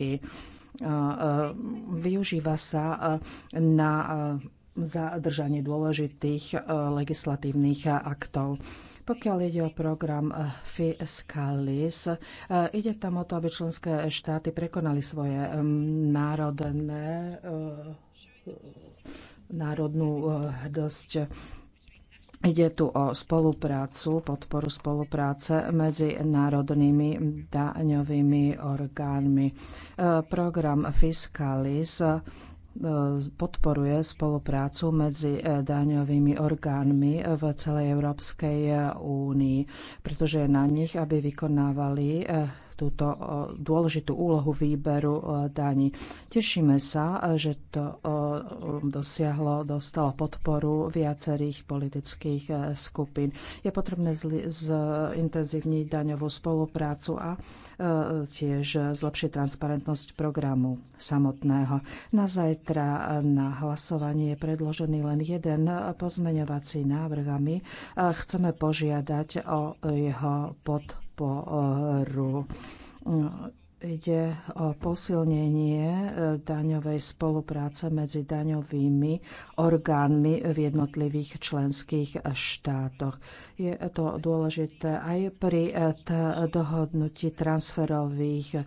činnosti. E, e, využíva sa e, na zadržanie dôležitých legislatívnych aktov. Pokiaľ ide o program Fiscalis, ide tam o to, aby členské štáty prekonali svoje národné národnú dosť. Ide tu o spoluprácu, podporu spolupráce medzi národnými daňovými orgánmi. E, program Fiscalis e, podporuje spoluprácu medzi e, daňovými orgánmi v celej Európskej únii, pretože je na nich, aby vykonávali túto e, dôležitú úlohu výberu e, daní. Tešíme sa, e, že to dosiahlo, dostalo podporu viacerých politických skupín. Je potrebné zintenzívniť daňovú spoluprácu a tiež zlepšiť transparentnosť programu samotného. Na zajtra na hlasovanie je predložený len jeden pozmeňovací návrh a my chceme požiadať o jeho podporu podporu Ide o posilnenie e, daňovej spolupráce medzi daňovými orgánmi v jednotlivých členských štátoch. Je to dôležité aj pri e, dohodnutí transferových e,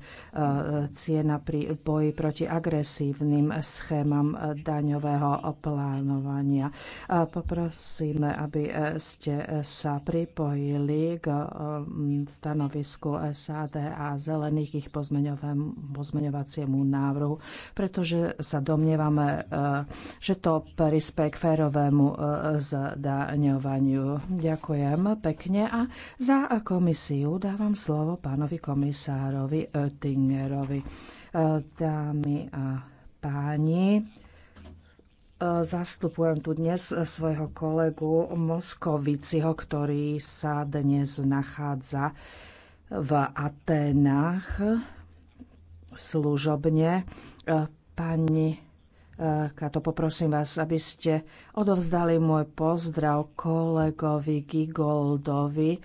cien a pri boji proti agresívnym schémam daňového plánovania. Poprosíme, aby ste sa pripojili k stanovisku SAD a zelených ich poz- pozmeňovaciemu návrhu, pretože sa domnievame, e, že to prispie k férovému e, zdaňovaniu. Ďakujem pekne a za komisiu dávam slovo pánovi komisárovi Oettingerovi. E, dámy a páni, zastupujem tu dnes svojho kolegu Moskoviciho, ktorý sa dnes nachádza v Atenách služobne. E, pani e, Kato, poprosím vás, aby ste odovzdali môj pozdrav kolegovi Gigoldovi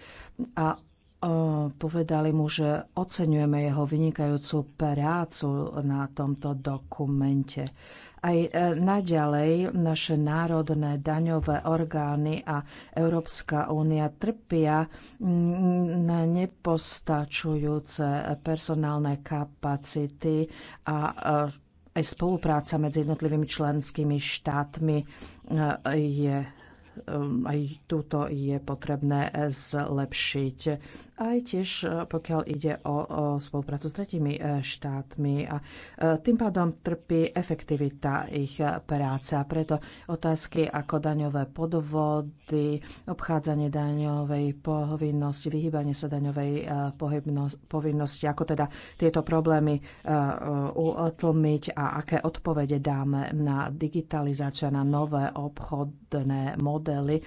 a e, povedali mu, že oceňujeme jeho vynikajúcu prácu na tomto dokumente. Aj e, naďalej naše národné daňové orgány a Európska únia trpia mm, na nepostačujúce personálne kapacity a e, aj spolupráca medzi jednotlivými členskými štátmi e, je Ehm, aj túto je potrebné zlepšiť. Aj tiež e, pokiaľ ide o, o spoluprácu s tretími e, štátmi a e, tým pádom trpí efektivita ich práce a preto otázky ako daňové podvody, obchádzanie daňovej povinnosti, vyhýbanie sa daňovej povinnosti, ako teda tieto problémy utlmiť a aké odpovede dáme na digitalizáciu a na nové obchodné modely modely. E,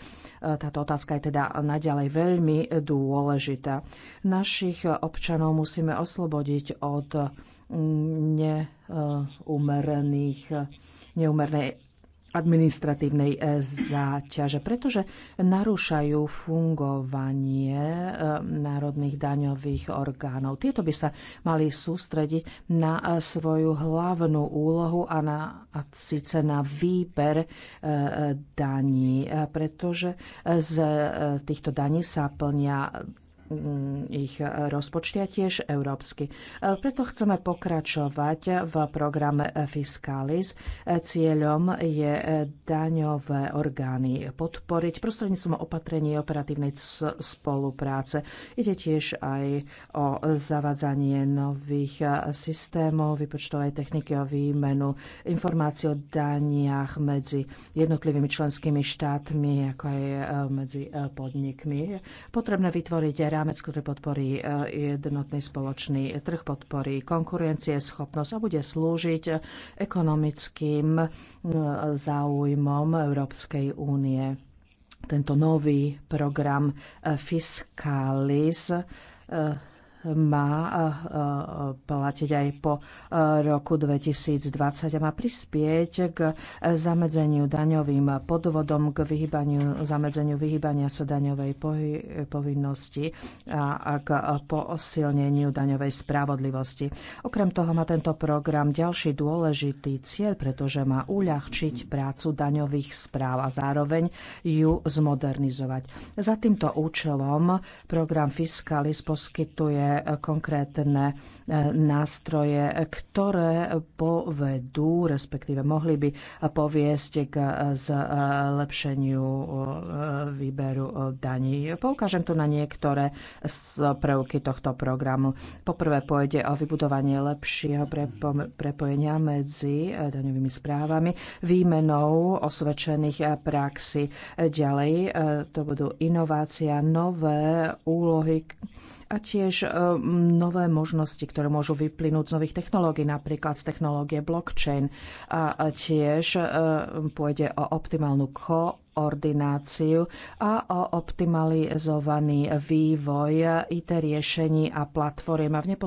táto otázka je teda naďalej veľmi dôležitá. Našich občanov musíme oslobodiť od neumerených neumernej administratívnej eh, záťaže, pretože narúšajú fungovanie eh, národných daňových orgánov. Tieto by sa mali sústrediť na eh, svoju hlavnú úlohu a, na, a síce na výber daní, pretože z týchto daní sa plnia Mm, ich rozpočte a tiež európsky. E, preto chceme pokračovať v programe Fiscalis. E, cieľom je e, daňové orgány podporiť prostredníctvom opatrení operatívnej spolupráce. Ide tiež aj o zavadzanie nových systémov, vypočtovej techniky o výmenu informácií o daniach medzi jednotlivými členskými štátmi, ako aj medzi podnikmi. potrebné vytvoriť rád rámec, ktorý podporí e, jednotný spoločný trh, podporí konkurencie, schopnosť a bude slúžiť ekonomickým e, záujmom Európskej únie. Tento nový program e, Fiscalis má eh, eh, platiť aj po eh, roku 2020 a má prispieť k zamedzeniu daňovým podvodom, k vyhybaniu, zamedzeniu vyhybania sa daňovej povinnosti a k posilneniu daňovej spravodlivosti. Okrem toho má tento program ďalší dôležitý cieľ, pretože má uľahčiť prácu daňových správ a zároveň ju zmodernizovať. Za týmto účelom program Fiscalis poskytuje konkrétne e, nástroje, ktoré povedú, respektíve mohli by poviesť k zlepšeniu e, výberu daní. Poukážem tu na niektoré z prvky tohto programu. Poprvé pôjde o vybudovanie lepšieho prepojenia medzi e, daňovými správami, výmenou osvedčených praxi. Ďalej to budú inovácia, nové úlohy a tiež Um, nové možnosti, ktoré môžu vyplynúť z nových technológií, napríklad z technológie blockchain. A tiež uh, pôjde o optimálnu ko koordináciu a o optimalizovaný vývoj IT riešení a platform a v,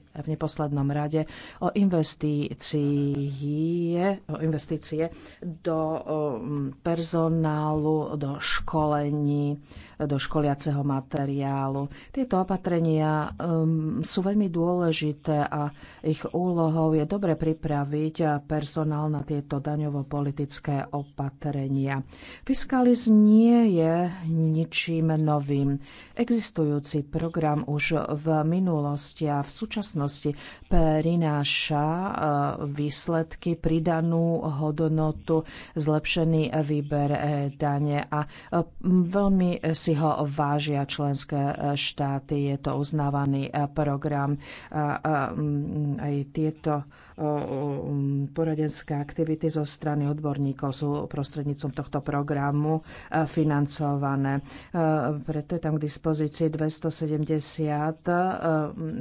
v neposlednom rade o investície, o investície do um, personálu, do školení, do školiaceho materiálu. Tieto opatrenia um, sú veľmi dôležité a ich úlohou je dobre pripraviť personál na tieto daňovo-politické opatrenia. Fiskalizm nie je ničím novým. Existujúci program už v minulosti a v súčasnosti prináša eh, výsledky, pridanú hodnotu, zlepšený výber eh, dane a eh, veľmi si ho vážia členské štáty. Je to uznávaný program. Aj tieto Um, poradenské aktivity zo strany odborníkov sú prostrednícom tohto programu e, financované. E, preto je tam k dispozícii 270 e,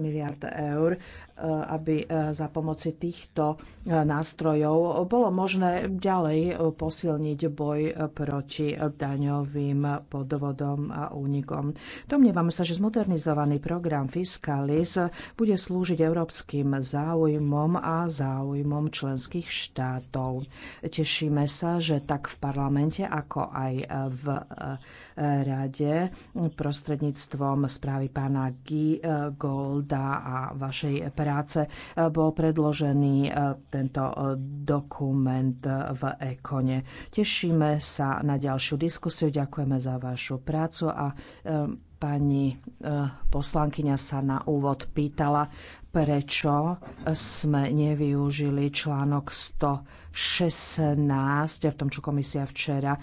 miliard eur Eh, aby eh, za pomoci týchto eh, nástrojov bolo možné ďalej posilniť boj proti daňovým podvodom a únikom. Domnievam sa, že zmodernizovaný program Fiscalis bude slúžiť európskym záujmom a záujmom členských štátov. Tešíme sa, že tak v parlamente, ako aj v rade prostredníctvom správy pána G. Golda a vašej práce práce eh, bol predložený eh, tento eh, dokument v Ekone. Tešíme sa na ďalšiu diskusiu, ďakujeme za vašu prácu a Pani e, poslankyňa sa na úvod pýtala, prečo sme nevyužili článok 116 v tom, čo komisia včera e,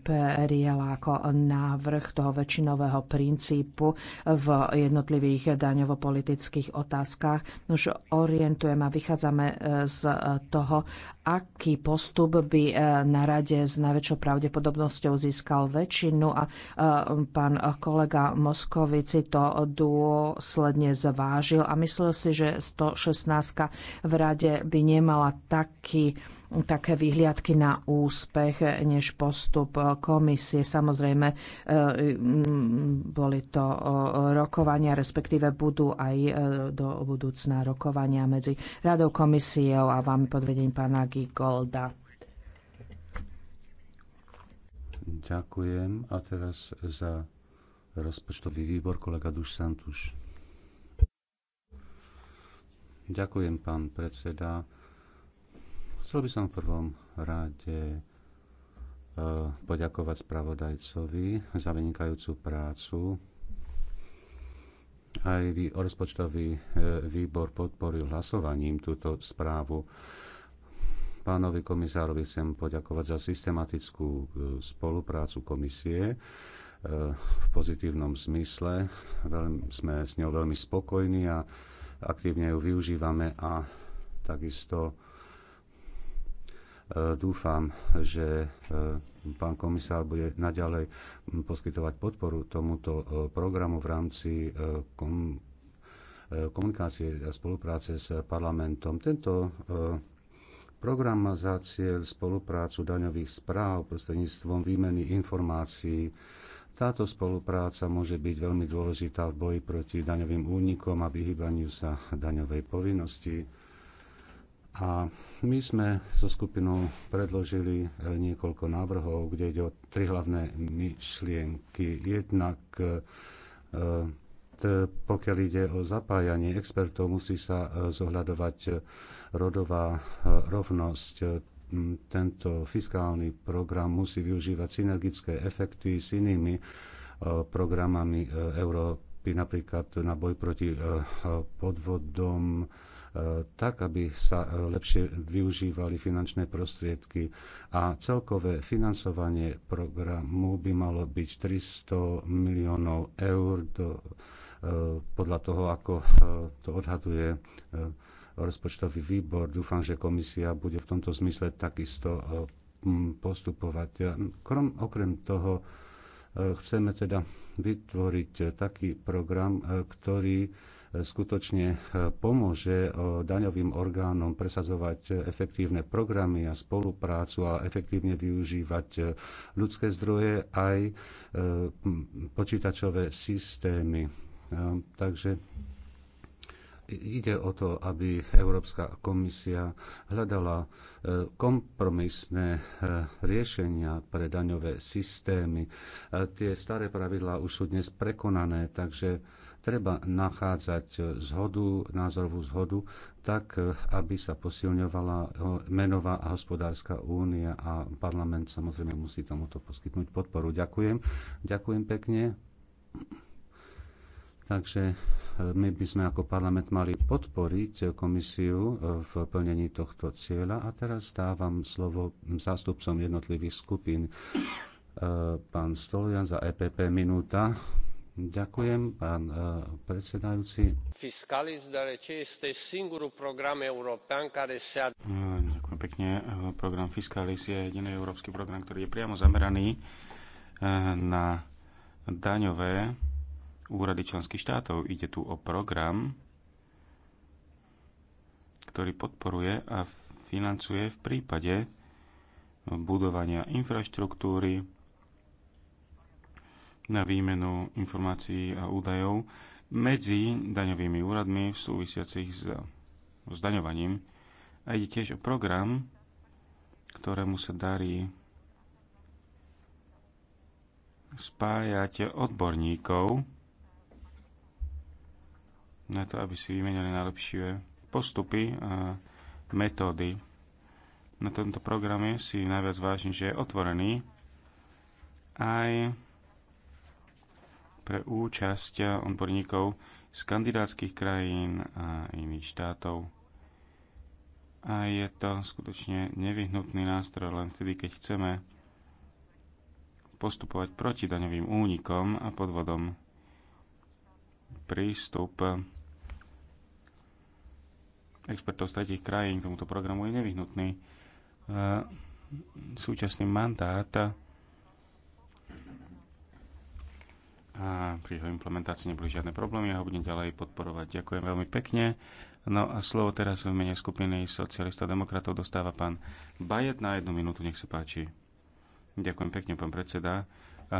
prijala ako návrh toho väčšinového princípu v jednotlivých daňovo-politických otázkach. Už orientujem a vychádzame e, z toho, aký postup by na rade s najväčšou pravdepodobnosťou získal väčšinu a pán kolega Moskovici to dôsledne zvážil a myslel si, že 116 v rade by nemala taký také vyhliadky na úspech než postup komisie. Samozrejme, e, boli to e, rokovania, respektíve budú aj e, do budúcna rokovania medzi radou komisiou a vám pod vedením pána Gigolda. Ďakujem a teraz za rozpočtový výbor, kolega Duš Santuš. Ďakujem, pán predseda. Chcel by som v prvom rade e, poďakovať spravodajcovi za vynikajúcu prácu. Aj rozpočtový e, výbor podporil hlasovaním túto správu. Pánovi komisárovi chcem poďakovať za systematickú e, spoluprácu komisie v pozitívnom zmysle. Veľmi, sme s ňou veľmi spokojní a aktívne ju využívame a takisto e, dúfam, že e, pán komisár bude naďalej poskytovať podporu tomuto e, programu v rámci komunikácie a spolupráce s parlamentom. Tento program má za cieľ spoluprácu daňových správ prostredníctvom výmeny informácií táto spolupráca môže byť veľmi dôležitá v boji proti daňovým únikom a vyhýbaniu sa daňovej povinnosti. A my sme so skupinou predložili eh, niekoľko návrhov, kde ide o tri hlavné myšlienky. Jednak eh, pokiaľ ide o zapájanie expertov, musí sa eh, zohľadovať rodová rovnosť. Mm, tento fiskálny program musí využívať synergické efekty s inými e, programami e, Európy, napríklad na boj proti e, podvodom, tak, aby sa lepšie využívali finančné prostriedky a celkové financovanie programu by malo byť 300 miliónov eur do, podľa toho, ako to odhaduje rozpočtový výbor. Dúfam, že komisia bude v tomto zmysle takisto e, postupovať. Krom, okrem toho e, chceme teda vytvoriť taký program, e, ktorý skutočne pomôže daňovým orgánom presazovať efektívne programy a spoluprácu a efektívne využívať ľudské zdroje aj počítačové systémy. Takže Ide o to, aby Európska komisia hľadala e, kompromisné e, riešenia pre daňové systémy. E, tie staré pravidlá už sú dnes prekonané, takže treba nachádzať zhodu, názorovú zhodu, tak, aby sa posilňovala menová a hospodárska únia a parlament samozrejme musí tomuto poskytnúť podporu. Ďakujem. Ďakujem pekne. Takže e, my by sme ako parlament mali podporiť komisiu e, v plnení tohto cieľa. A teraz dávam slovo zástupcom jednotlivých skupín. E, pán Stolian za EPP minúta. Ďakujem, pán predsedajúci. Fiscalis, deoarece este singurul program european care se... Ďakujem pekne. Program Fiskalis je jediný európsky program, ktorý je priamo zameraný na daňové úrady členských štátov. Ide tu o program, ktorý podporuje a financuje v prípade budovania infraštruktúry na výmenu informácií a údajov medzi daňovými úradmi v súvisiacich s, s daňovaním. A ide tiež o program, ktorému sa darí spájať odborníkov na to, aby si vymenili najlepšie postupy a e, metódy. Na tomto programe si najviac vážim, že je otvorený aj pre účasť odborníkov z kandidátskych krajín a iných štátov. A je to skutočne nevyhnutný nástroj len vtedy, keď chceme postupovať proti daňovým únikom a podvodom. Prístup expertov z tretich krajín k tomuto programu je nevyhnutný. E, súčasný mandát a pri jeho implementácii neboli žiadne problémy. Ja ho budem ďalej podporovať. Ďakujem veľmi pekne. No a slovo teraz v mene skupiny socialistov a demokratov dostáva pán Bajet na jednu minútu. Nech sa páči. Ďakujem pekne, pán predseda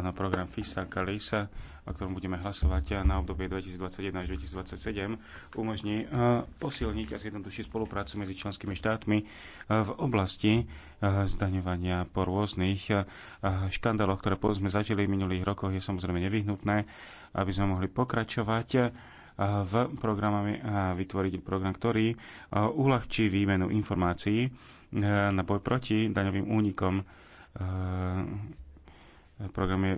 na program FISA Kalisa, o ktorom budeme hlasovať na obdobie 2021 až 2027, umožní e, posilniť a zjednodušiť spoluprácu medzi členskými štátmi e, v oblasti e, zdaňovania po rôznych škandáloch, ktoré sme zažili v minulých rokoch, je samozrejme nevyhnutné, aby sme mohli pokračovať v programami a vytvoriť program, ktorý uľahčí výmenu informácií na boj proti daňovým únikom Program je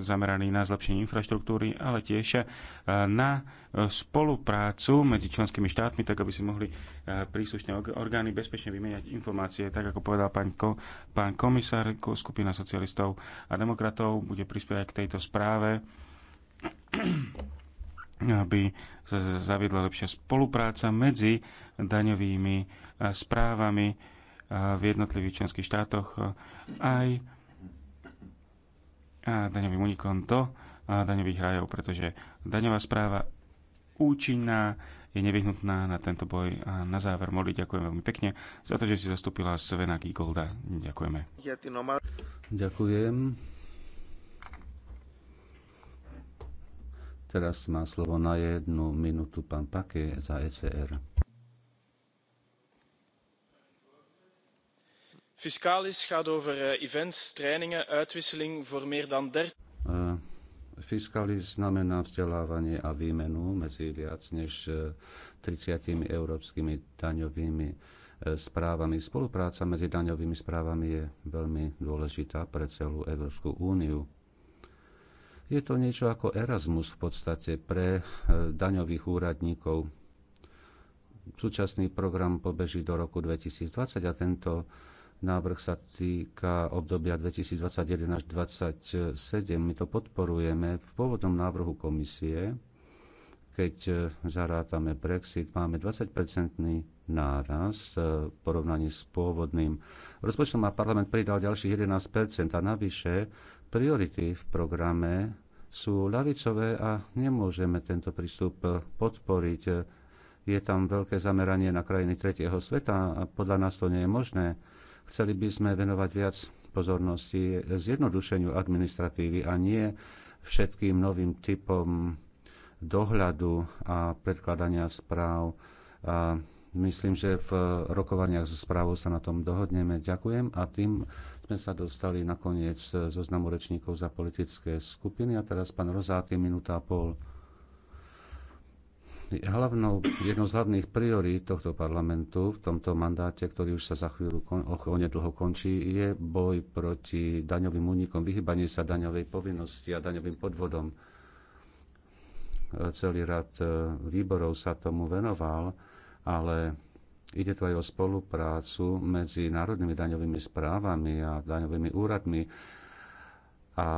zameraný na zlepšenie infraštruktúry, ale tiež e, na spoluprácu medzi členskými štátmi, tak aby si mohli e, príslušné orgány bezpečne vymeniať informácie. Tak ako povedal pán, ko, pán komisár, skupina socialistov a demokratov bude prispievať k tejto správe aby sa zaviedla lepšia spolupráca medzi daňovými e, správami v jednotlivých členských štátoch aj a daňovým unikom a daňových rajov, pretože daňová správa účinná je nevyhnutná na tento boj. A na záver, Moli, ďakujem veľmi pekne za to, že si zastúpila Svena Gigolda. Ďakujeme. Ďakujem. Teraz má slovo na jednu minútu pán Pake za ECR. Fiscalis gaat over eh, events, trainingen, uitwisseling voor meer dan 30... Eh, Fiskalis znamená vzdelávanie a výmenu medzi viac než 30 eh, európskymi daňovými správami. Spolupráca medzi daňovými správami je veľmi dôležitá pre celú Európsku úniu. Je to niečo ako Erasmus v podstate pre daňových úradníkov. Súčasný program pobeží do roku 2020 a tento Návrh sa týka obdobia 2021 až 2027. My to podporujeme. V pôvodnom návrhu komisie, keď e, zarátame Brexit, máme 20-percentný nárast e, v porovnaní s pôvodným rozpočtom a parlament pridal ďalších 11 a navyše priority v programe sú ľavicové a nemôžeme tento prístup e, podporiť. Je tam veľké zameranie na krajiny tretieho sveta a podľa nás to nie je možné Chceli by sme venovať viac pozornosti zjednodušeniu administratívy a nie všetkým novým typom dohľadu a predkladania správ. A myslím, že v rokovaniach so správou sa na tom dohodneme. Ďakujem a tým sme sa dostali nakoniec zoznamu rečníkov za politické skupiny a teraz pán Rozáty, minúta a pol hlavnou, jednou z hlavných priorít tohto parlamentu v tomto mandáte, ktorý už sa za chvíľu kon, dlho končí, je boj proti daňovým únikom, vyhybanie sa daňovej povinnosti a daňovým podvodom. Celý rad e, výborov sa tomu venoval, ale ide tu aj o spoluprácu medzi národnými daňovými správami a daňovými úradmi. A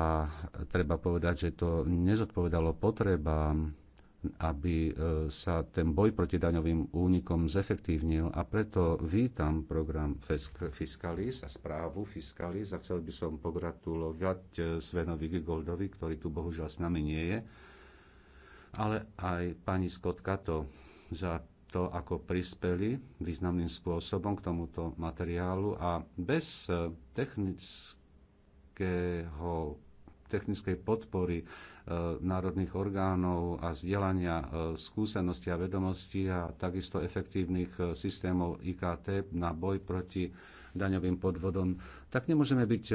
treba povedať, že to nezodpovedalo potrebám aby e, sa ten boj proti daňovým únikom zefektívnil a preto vítam program Fiscalis a správu Fiscalis a chcel by som pogratulovať e, Svenovi Gigoldovi, ktorý tu bohužiaľ s nami nie je, ale aj pani Scott Kato za to, ako prispeli významným spôsobom k tomuto materiálu a bez e, technického technickej podpory e, národných orgánov a zdieľania e, skúseností a vedomostí a takisto efektívnych e, systémov IKT na boj proti daňovým podvodom, tak nemôžeme byť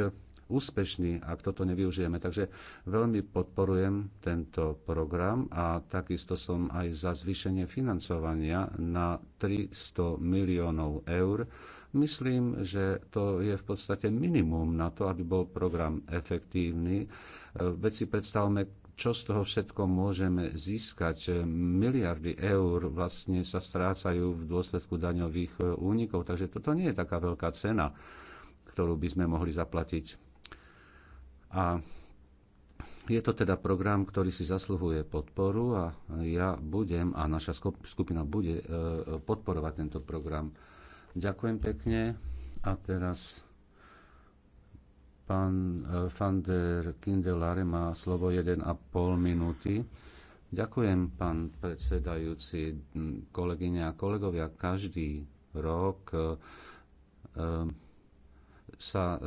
úspešní, ak toto nevyužijeme. Takže veľmi podporujem tento program a takisto som aj za zvýšenie financovania na 300 miliónov eur Myslím, že to je v podstate minimum na to, aby bol program efektívny. E, veď si predstavme, čo z toho všetko môžeme získať. Miliardy eur vlastne sa strácajú v dôsledku daňových e, únikov, takže toto nie je taká veľká cena, ktorú by sme mohli zaplatiť. A je to teda program, ktorý si zasluhuje podporu a ja budem a naša skupina bude e, podporovať tento program. Ďakujem pekne. A teraz pán e, van der Kindelare má slovo 1,5 minúty. Ďakujem, pán predsedajúci, kolegyne a kolegovia. Každý rok e, e, sa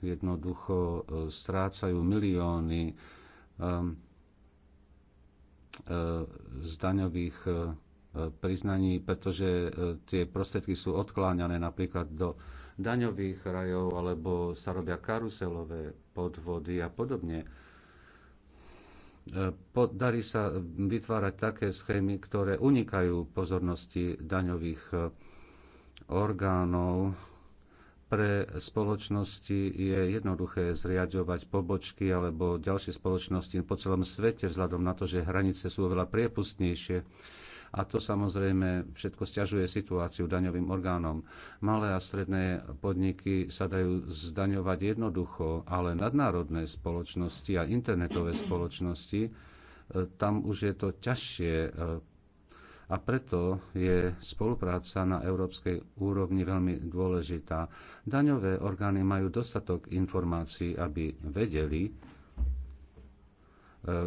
jednoducho strácajú milióny z daňových priznaní, pretože e, tie prostriedky sú odkláňané napríklad do daňových rajov alebo sa robia karuselové podvody a podobne. E, podarí sa vytvárať také schémy, ktoré unikajú pozornosti daňových e, orgánov. Pre spoločnosti je jednoduché zriadovať pobočky alebo ďalšie spoločnosti po celom svete vzhľadom na to, že hranice sú oveľa priepustnejšie a to samozrejme všetko stiažuje situáciu daňovým orgánom. Malé a stredné podniky sa dajú zdaňovať jednoducho, ale nadnárodné spoločnosti a internetové spoločnosti, e, tam už je to ťažšie e, a preto je spolupráca na európskej úrovni veľmi dôležitá. Daňové orgány majú dostatok informácií, aby vedeli, e,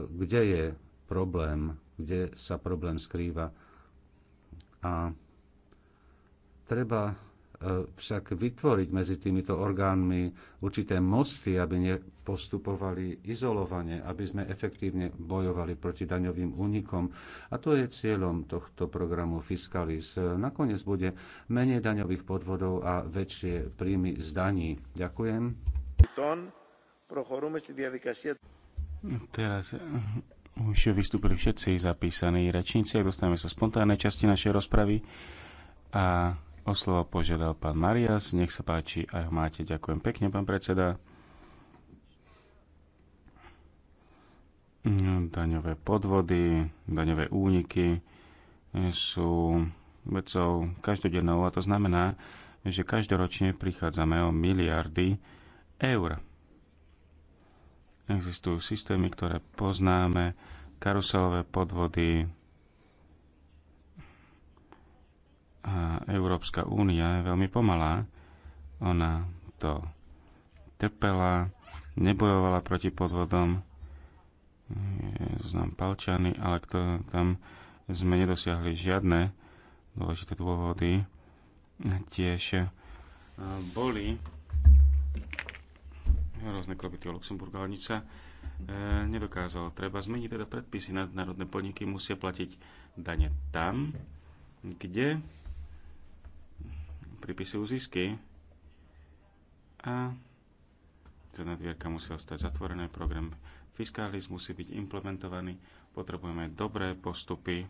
kde je problém kde sa problém skrýva. A treba e, však vytvoriť medzi týmito orgánmi určité mosty, aby nepostupovali izolovane, aby sme efektívne bojovali proti daňovým únikom. A to je cieľom tohto programu Fiscalis. E, nakoniec bude menej daňových podvodov a väčšie príjmy z daní. Ďakujem. Teraz už vystúpili všetci zapísaní rečníci a dostaneme sa spontánnej časti našej rozpravy. A o slovo požiadal pán Marias. Nech sa páči, aj ho máte. Ďakujem pekne, pán predseda. No, daňové podvody, daňové úniky sú vecou každodennou a to znamená, že každoročne prichádzame o miliardy eur. Existujú systémy, ktoré poznáme, karuselové podvody. A Európska únia je veľmi pomalá. Ona to trpela, nebojovala proti podvodom. Je znam palčany, ale kto, tam sme nedosiahli žiadne dôležité dôvody. Tiež eh, boli rôzne kroky o Luxemburgu, ale nič sa e, nedokázalo. Treba zmeniť teda predpisy. Nadnárodné podniky musia platiť dane tam, kde pripisujú zisky a teda dvierka musia ostať zatvorené, program Fiskális musí byť implementovaný, potrebujeme dobré postupy,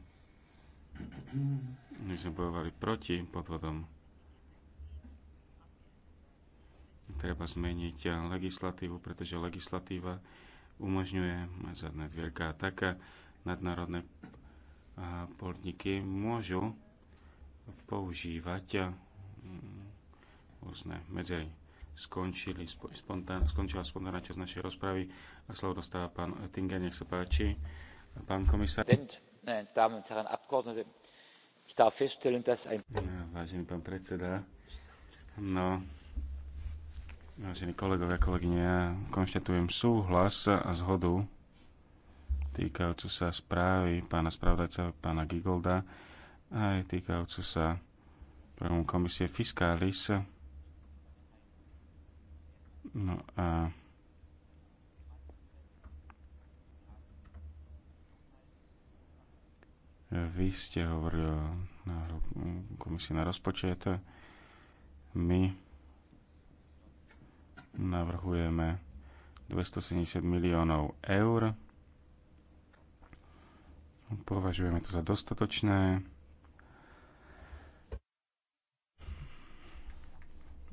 my sme bojovali proti podvodom treba zmeniť eh, legislatívu, pretože legislatíva umožňuje zadné dvierka a tak nadnárodné eh, podniky môžu používať eh, mm, rôzne medzery. Skončili, spontán, skončila spontánna časť našej rozpravy a slovo dostáva pán Oettinger, nech sa páči. Pán komisár. Vážený pán predseda, no, Vážení kolegovia, kolegyne, ja konštatujem súhlas a zhodu týkajúcu sa správy pána spravodajca, pána Gigolda, aj týkajúcu sa prvom komisie Fiscalis. No a Vy ste hovorili o komisii na rozpočet. My navrhujeme 270 miliónov eur. Považujeme to za dostatočné.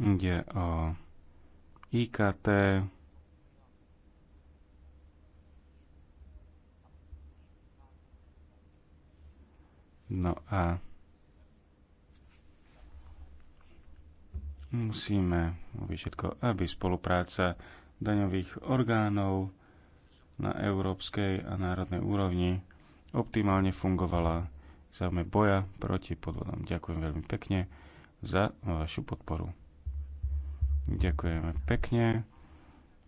Ide o IKT, No a uh... Musíme robiť všetko, aby spolupráca daňových orgánov na európskej a národnej úrovni optimálne fungovala záujme boja proti podvodom. Ďakujem veľmi pekne za vašu podporu. Ďakujeme pekne.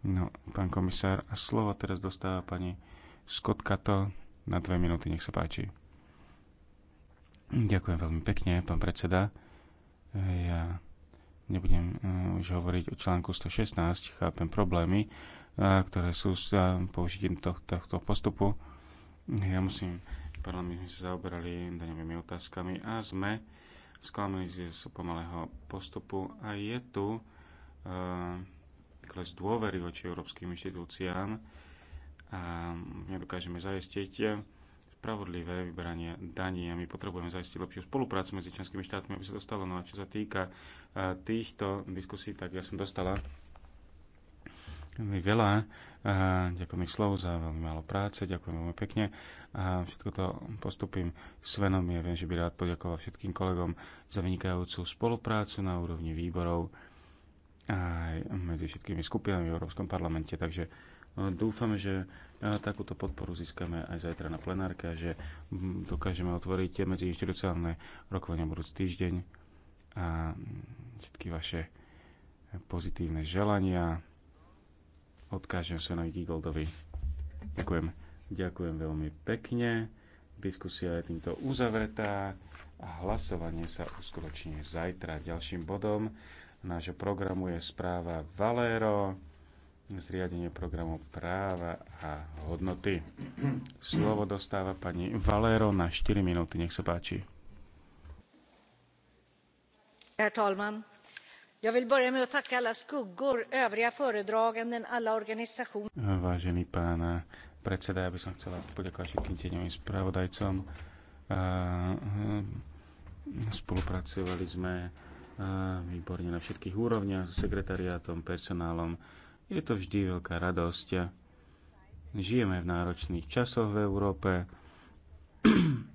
No, pán komisár, a slovo teraz dostáva pani Skotkato na dve minúty, nech sa páči. Ďakujem veľmi pekne, pán predseda. Ja Nebudem eh, už hovoriť o článku 116, chápem problémy, eh, ktoré sú s eh, použitím tohto, tohto postupu. Ja musím, parlament my sme sa zaoberali daňovými otázkami a sme sklamili z pomalého postupu a je tu kles dôvery voči európskym inštitúciám a nedokážeme zaistiť spravodlivé vyberanie daní a my potrebujeme zaistiť lepšiu spoluprácu medzi členskými štátmi, aby sa dostalo. No a čo sa týka e, týchto diskusí, tak ja som dostala veľmi veľa. E, ďakujem slov za veľmi málo práce, ďakujem veľmi pekne. A všetko to postupím Svenom. Ja viem, že by rád poďakoval všetkým kolegom za vynikajúcu spoluprácu na úrovni výborov aj medzi všetkými skupinami v Európskom parlamente. Takže no, dúfam, že takúto podporu získame aj zajtra na plenárke a že dokážeme otvoriť medzi inštitucionálne rokovania budúci týždeň a mm, všetky vaše pozitívne želania. Odkážem sa na Gigoldovi. Ďakujem. Ďakujem veľmi pekne. Diskusia je týmto uzavretá a hlasovanie sa uskutoční zajtra. Ďalším bodom nášho programu je správa Valero zriadenie programu práva a hodnoty. Slovo dostáva pani Valero na 4 minúty, nech sa páči. Herr talman! Jag vill börja med att tacka alla skuggor, övriga föredraganden, alla organisationer. Vážený pán predseda, ja by som chcela poďakovať všetkým tieňovým spravodajcom. Hm, spolupracovali sme výborne na všetkých úrovniach s sekretariátom, personálom, je to vždy veľká radosť. Žijeme v náročných časoch v Európe.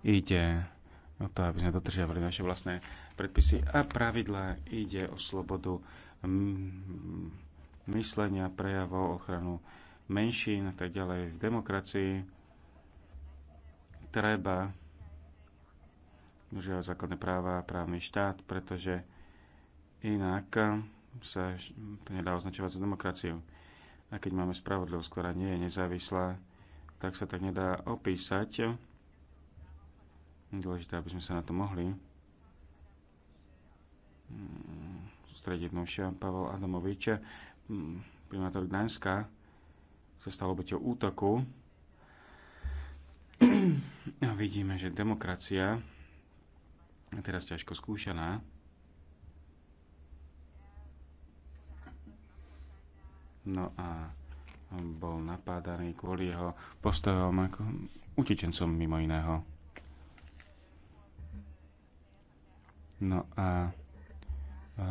Ide o to, aby sme dodržiavali naše vlastné predpisy a pravidlá. Ide o slobodu mm, myslenia, prejavov, ochranu menšín a tak ďalej v demokracii. Treba dodržiavať základné práva a právny štát, pretože inak sa to nedá označovať za demokraciu. A keď máme spravodlivosť, ktorá nie je nezávislá, tak sa tak nedá opísať. Dôležité, aby sme sa na to mohli mm, sústrediť novšia Pavel Adamovič, mm, primátor Gdaňska, sa stal obeťou útoku. A vidíme, že demokracia je teraz ťažko skúšaná. No a bol napádaný kvôli jeho postojom ako utečencom mimo iného. No a, a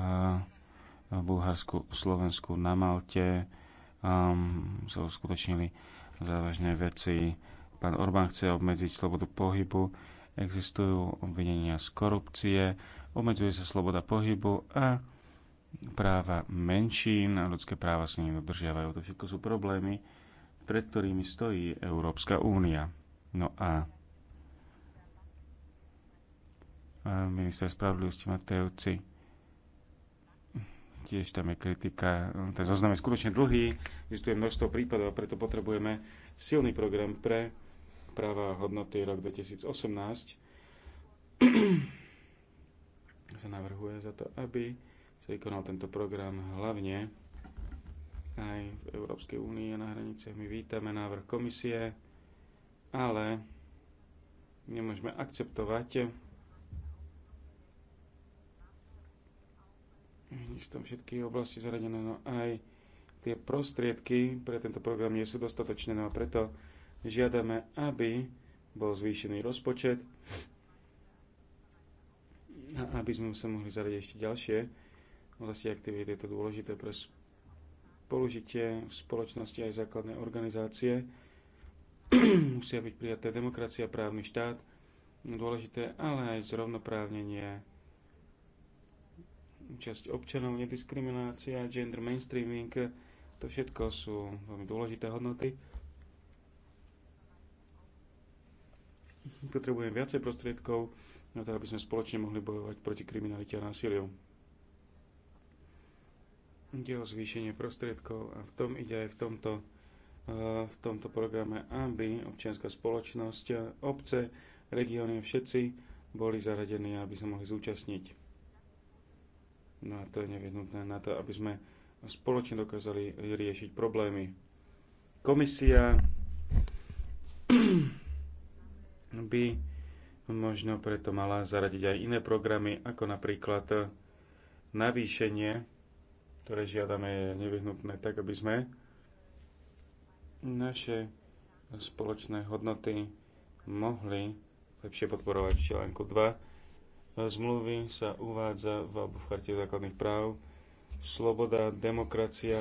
v Bulharsku, Slovensku, na Malte um, sa uskutočnili závažné veci. Pán Orbán chce obmedziť slobodu pohybu, existujú obvinenia z korupcie, obmedzuje sa sloboda pohybu a práva menšín a ľudské práva sa nedodržiavajú. To všetko sú problémy, pred ktorými stojí Európska únia. No a minister spravodlivosti Matejúci tiež tam je kritika. Ten zoznam je skutočne dlhý, existuje množstvo prípadov a preto potrebujeme silný program pre práva a hodnoty rok 2018. sa navrhuje za to, aby sa vykonal tento program hlavne aj v Európskej únii a na hraniciach. My vítame návrh komisie, ale nemôžeme akceptovať v tom všetky oblasti zaradené, no aj tie prostriedky pre tento program nie sú dostatočné, no a preto žiadame, aby bol zvýšený rozpočet a aby sme sa mohli zaradiť ešte ďalšie oblasti aktivít. Je to dôležité pre spolužitie v spoločnosti aj základné organizácie. Musia byť prijaté demokracia, právny štát, dôležité, ale aj zrovnoprávnenie časť občanov, nediskriminácia, gender mainstreaming, to všetko sú veľmi dôležité hodnoty. Potrebujeme viacej prostriedkov na to, aby sme spoločne mohli bojovať proti kriminalite a násiliu ide o zvýšenie prostriedkov a v tom ide aj v tomto, v tomto programe, aby občianská spoločnosť, obce, regióny, všetci boli zaradení, aby sa mohli zúčastniť. No a to je nevyhnutné na to, aby sme spoločne dokázali riešiť problémy. Komisia by možno preto mala zaradiť aj iné programy, ako napríklad navýšenie ktoré žiadame, je nevyhnutné tak, aby sme naše spoločné hodnoty mohli lepšie podporovať. V článku 2 zmluvy sa uvádza v, alebo v charte základných práv sloboda, demokracia,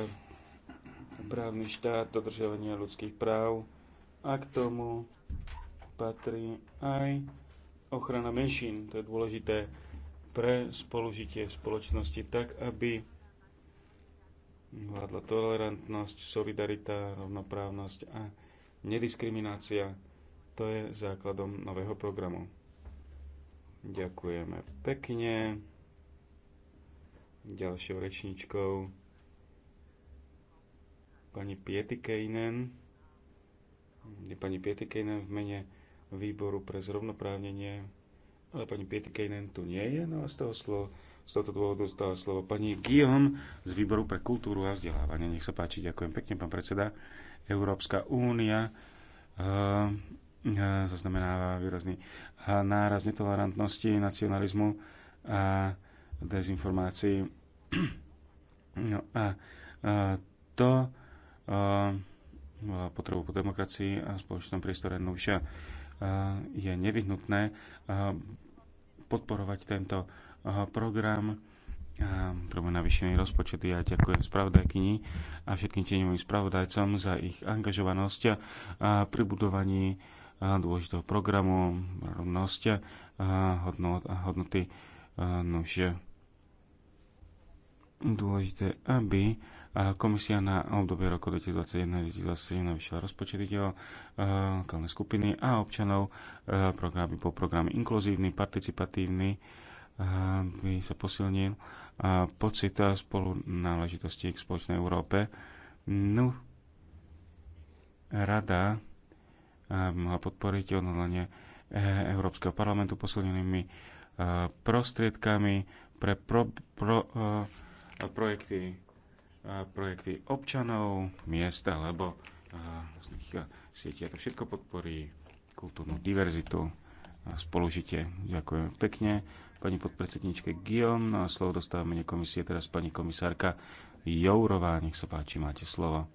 právny štát, dodržiavanie ľudských práv a k tomu patrí aj ochrana menšín. To je dôležité pre spolužitie v spoločnosti tak, aby vládla tolerantnosť, solidarita, rovnoprávnosť a nediskriminácia. To je základom nového programu. Ďakujeme pekne. Ďalšou rečničkou pani Pietikejnen. Je pani Pietikejnen v mene výboru pre zrovnoprávnenie, ale pani Pietikejnen tu nie je, no a z toho slova. Z tohto dôvodu dostáva slovo pani Guillaume z Výboru pre kultúru a vzdelávanie. Nech sa páči, ďakujem pekne, pán predseda. Európska únia uh, zaznamenáva výrazný náraz netolerantnosti, nacionalizmu a dezinformácií. No a, uh, to uh, potrebu po demokracii a spoločnom priestore nuša je nevyhnutné podporovať tento eh, program. A eh, treba navýšený rozpočet. Ja ďakujem spravodajkyni a všetkým tieňovým spravodajcom za ich angažovanosť a eh, pri budovaní dôležitého programu, rovnosť a hodnoty. Nože dôležité, aby Komisia na obdobie roku 2021-2027 vyšla rozpočet, ide o e, lokálne skupiny a občanov. E, programy po programy inkluzívny, participatívny e, by sa posilnil pocit spolu náležitosti k spoločnej Európe. No, rada mohla podporiť odhodlanie Európskeho parlamentu posilnenými prostriedkami pre pro, pro, projekty projekty občanov, miesta alebo sieti. A to všetko podporí kultúrnu diverzitu a spolužitie. Ďakujem pekne pani podpredsedničke Guillaume. No a slovo dostáva mene komisie teraz pani komisárka Jourová. Nech sa páči, máte slovo.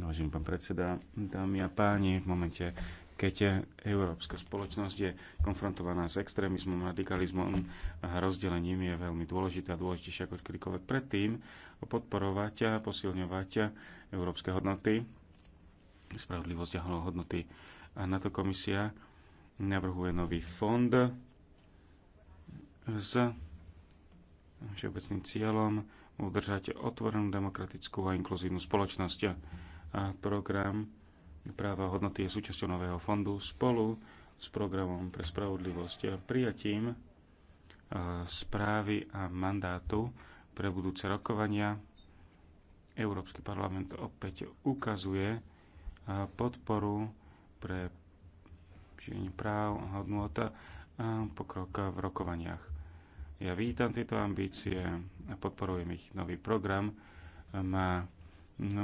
Vážený pán predseda, dámy a páni, v momente keď európska spoločnosť je konfrontovaná s extrémizmom, radikalizmom a rozdelením, je veľmi dôležité a dôležitejšie ako kedykoľvek predtým podporovať a posilňovať európske hodnoty, spravodlivosť a hodnoty. A na to komisia navrhuje nový fond s všeobecným cieľom udržať otvorenú demokratickú a inkluzívnu spoločnosť. A program Práva a hodnoty je súčasťou nového fondu spolu s programom pre spravodlivosť a prijatím e, správy a mandátu pre budúce rokovania. Európsky parlament opäť ukazuje e, podporu pre šírenie práv a hodnot a pokrok v rokovaniach. Ja vítam tieto ambície a podporujem ich. Nový program e, má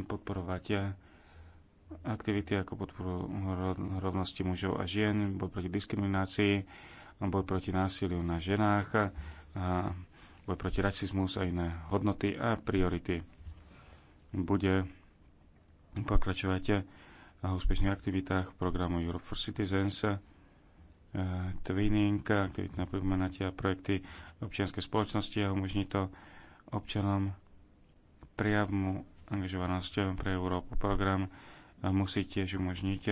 podporovať aktivity ako podporu rovnosti mužov a žien, boj proti diskriminácii, boj proti násiliu na ženách, boj proti rasizmus a iné hodnoty a priority. Bude pokračovať a úspešných aktivitách programu Europe for Citizens, e, twinning, aktivitné pripomanatia a projekty občianskej spoločnosti a umožní to občanom priamu angažovanosť pre Európu program musí tiež umožniť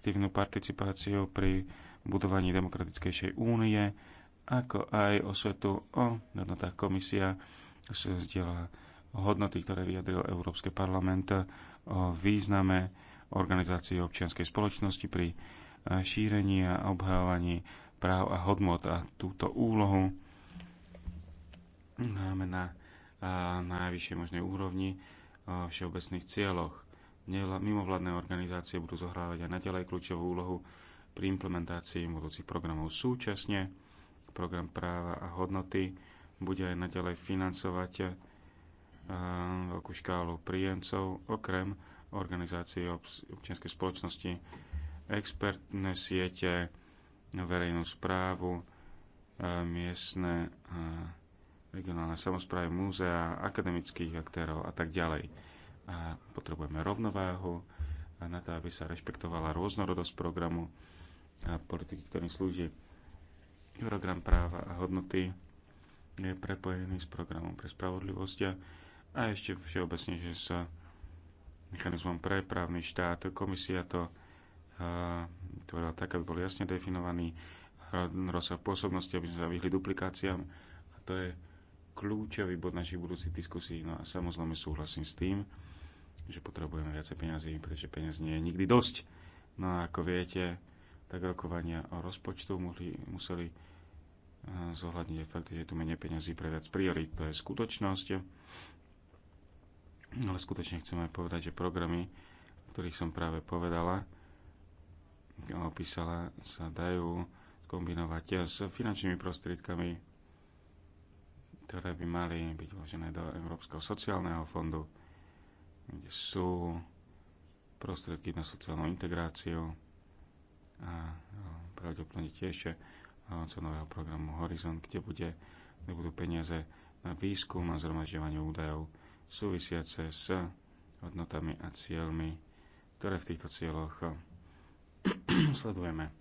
aktívnu participáciu pri budovaní demokratickejšej únie, ako aj osvetu o hodnotách komisia zdieľa hodnoty, ktoré vyjadril Európsky parlament o význame organizácie občianskej spoločnosti pri šírení a obhávaní práv a hodnot a túto úlohu máme na najvyššej možnej úrovni o všeobecných cieľoch mimovládne organizácie budú zohrávať aj naďalej kľúčovú úlohu pri implementácii budúcich programov. Súčasne program práva a hodnoty bude aj naďalej financovať eh, veľkú škálu príjemcov, okrem organizácií občianskej spoločnosti, expertné siete, verejnú správu, eh, miestne eh, regionálne samozprávy, múzea, akademických aktérov a tak ďalej a potrebujeme rovnováhu a na to, aby sa rešpektovala rôznorodosť programu a politiky, ktorým slúži program práva a hodnoty je prepojený s programom pre spravodlivosť a, ešte všeobecne, že sa mechanizmom pre právny štát. Komisia to tvorila tak, aby bol jasne definovaný rozsah pôsobnosti, aby sme sa vyhli duplikáciám. A to je kľúčový bod našich budúcich diskusí. No a samozrejme súhlasím s tým, že potrebujeme viacej peniazy, pretože peniaz nie je nikdy dosť. No a ako viete, tak rokovania o rozpočtu museli, museli eh, zohľadniť aj fakt, že tu menej peniazy pre viac priorit. To je skutočnosť. Ale skutočne chcem aj povedať, že programy, o ktorých som práve povedala, opísala, sa dajú kombinovať s finančnými prostriedkami, ktoré by mali byť vložené do Európskeho sociálneho fondu kde sú prostriedky na sociálnu integráciu a pravdepodobne tiež cenového programu Horizon, kde, bude, kde budú peniaze na výskum a zhromažďovanie údajov súvisiace s hodnotami a cieľmi, ktoré v týchto cieľoch eh, sledujeme.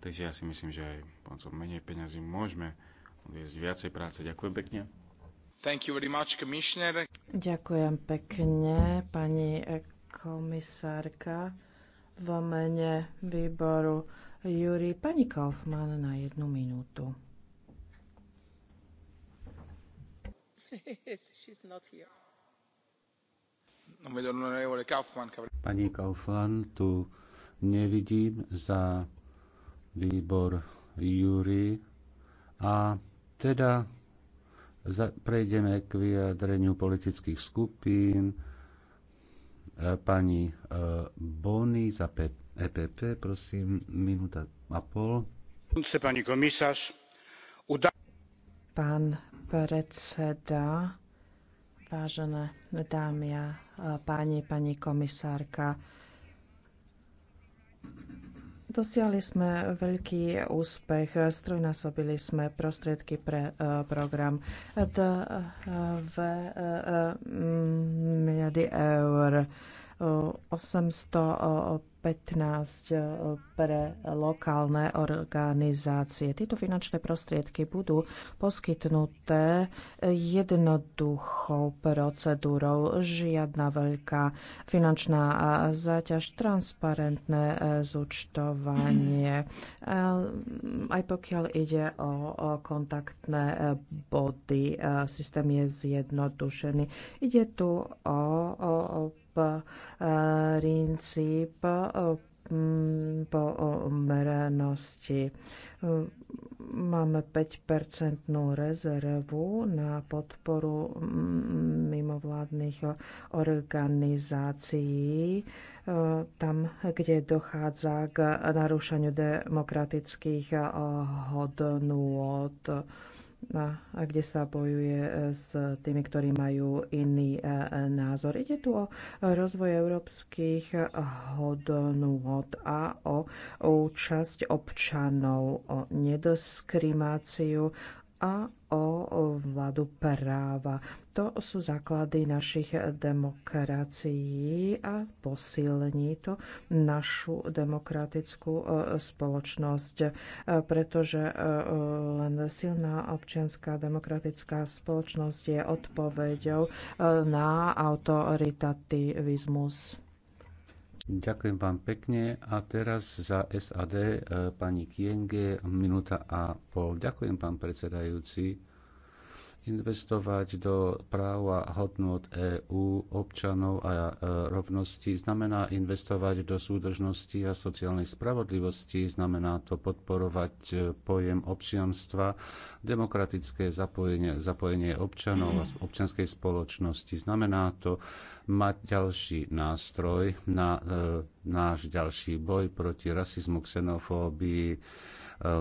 Takže ja si myslím, že aj pomocou menej peňazí môžeme odviesť viacej práce. Ďakujem pekne. Ďakujem pekne, pani komisárka. V mene výboru Júri, pani Kaufmann na jednu minútu. Pani Kaufmann tu nevidím za výbor Júri a teda Prejdeme k vyjadreniu politických skupín. E, pani e, Bony za EPP, e prosím, minúta a pol. Pani uda- Pán predseda, vážené dámy a páni, pani komisárka, Dosiahli sme veľký úspech, strojnásobili sme prostriedky pre e, program 2 e, miliardy eur, 800 15 e, pre lokálne organizácie. Tieto finančné prostriedky budú poskytnuté jednoduchou procedúrou. Žiadna veľká finančná e, záťaž, transparentné e, zúčtovanie. Aj pokiaľ ide o kontaktné body, systém je zjednodušený. Ide tu o, o princíp mm, pomernosti. Máme 5-percentnú rezervu na podporu mm, mimovládnych organizácií tam, kde dochádza k narušeniu demokratických hodnôt a kde sa bojuje e, s tými, ktorí majú iný e, názor. Ide tu o rozvoj európskych hodnôt a o účasť občanov, o nedoskrimináciu, a o vládu práva. To sú základy našich demokracií a posilní to našu demokratickú e, spoločnosť, e, pretože e, len silná občianská demokratická spoločnosť je odpoveďou na autoritativizmus. Ďakujem vám pekne a teraz za SAD e, pani Kienge minúta a pol. Ďakujem pán predsedajúci. Investovať do práva hodnot EÚ občanov a e, rovnosti znamená investovať do súdržnosti a sociálnej spravodlivosti, znamená to podporovať e, pojem občianstva, demokratické zapojenie, zapojenie občanov a občianskej spoločnosti, znamená to mať ďalší nástroj na e, náš ďalší boj proti rasizmu, xenofóbii, e,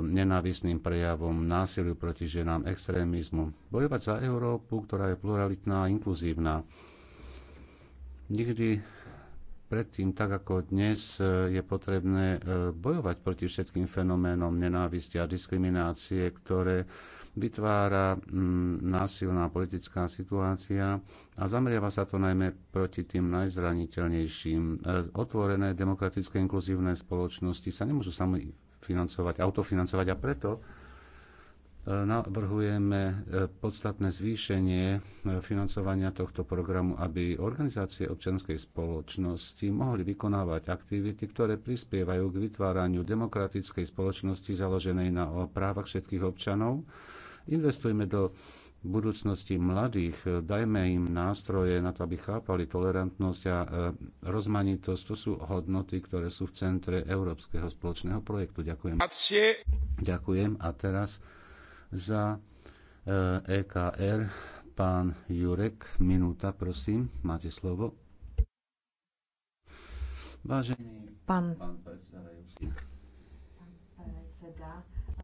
nenávisným prejavom, násiliu proti ženám, extrémizmu. Bojovať za Európu, ktorá je pluralitná a inkluzívna. Nikdy predtým, tak ako dnes, e, je potrebné bojovať proti všetkým fenoménom nenávisti a diskriminácie, ktoré vytvára mm, násilná politická situácia a zameriava sa to najmä proti tým najzraniteľnejším. E, otvorené demokratické inkluzívne spoločnosti sa nemôžu sami financovať, autofinancovať a preto e, navrhujeme e, podstatné zvýšenie financovania tohto programu, aby organizácie občianskej spoločnosti mohli vykonávať aktivity, ktoré prispievajú k vytváraniu demokratickej spoločnosti založenej na právach všetkých občanov Investujme do budúcnosti mladých, dajme im nástroje na to, aby chápali tolerantnosť a e, rozmanitosť. To sú hodnoty, ktoré sú v centre Európskeho spoločného projektu. Ďakujem. Ďakujem. A teraz za EKR e pán Jurek. Minúta, prosím. Máte slovo. Vážený pán, pán predseda,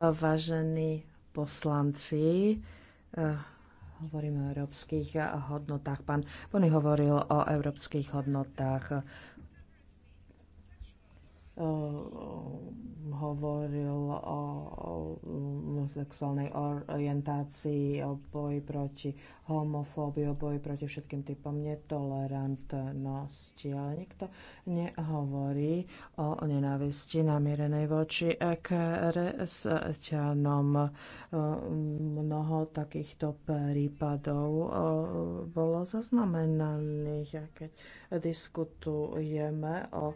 vážený poslanci. Eh, hovoríme o európskych hodnotách. Pán Pony hovoril o európskych hodnotách. Eh, hovoril o, o sexuálnej orientácii, o boji proti homofóbii, o boji proti všetkým typom netolerantnosti, ale nikto nehovorí o nenávisti namierenej voči kresťanom. Eh, mnoho takýchto prípadov eh, bolo zaznamenaných, keď diskutujeme o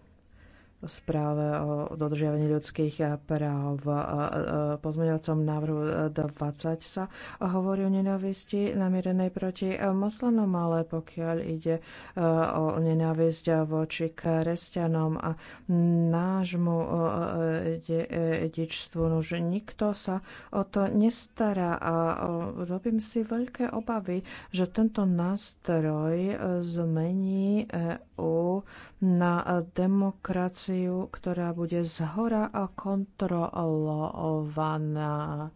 správe o dodržiavaní ľudských eh, práv. V eh, eh, pozmeňovacom návrhu 20 sa hovorí o nenávisti namierenej proti moslenom, ale pokiaľ ide o nenávisť voči kresťanom a nášmu dedičstvu, no už nikto sa o to nestará a robím si veľké obavy, že tento nástroj zmení EU na demokraciu reakciu, ktorá bude zhora a kontrolovaná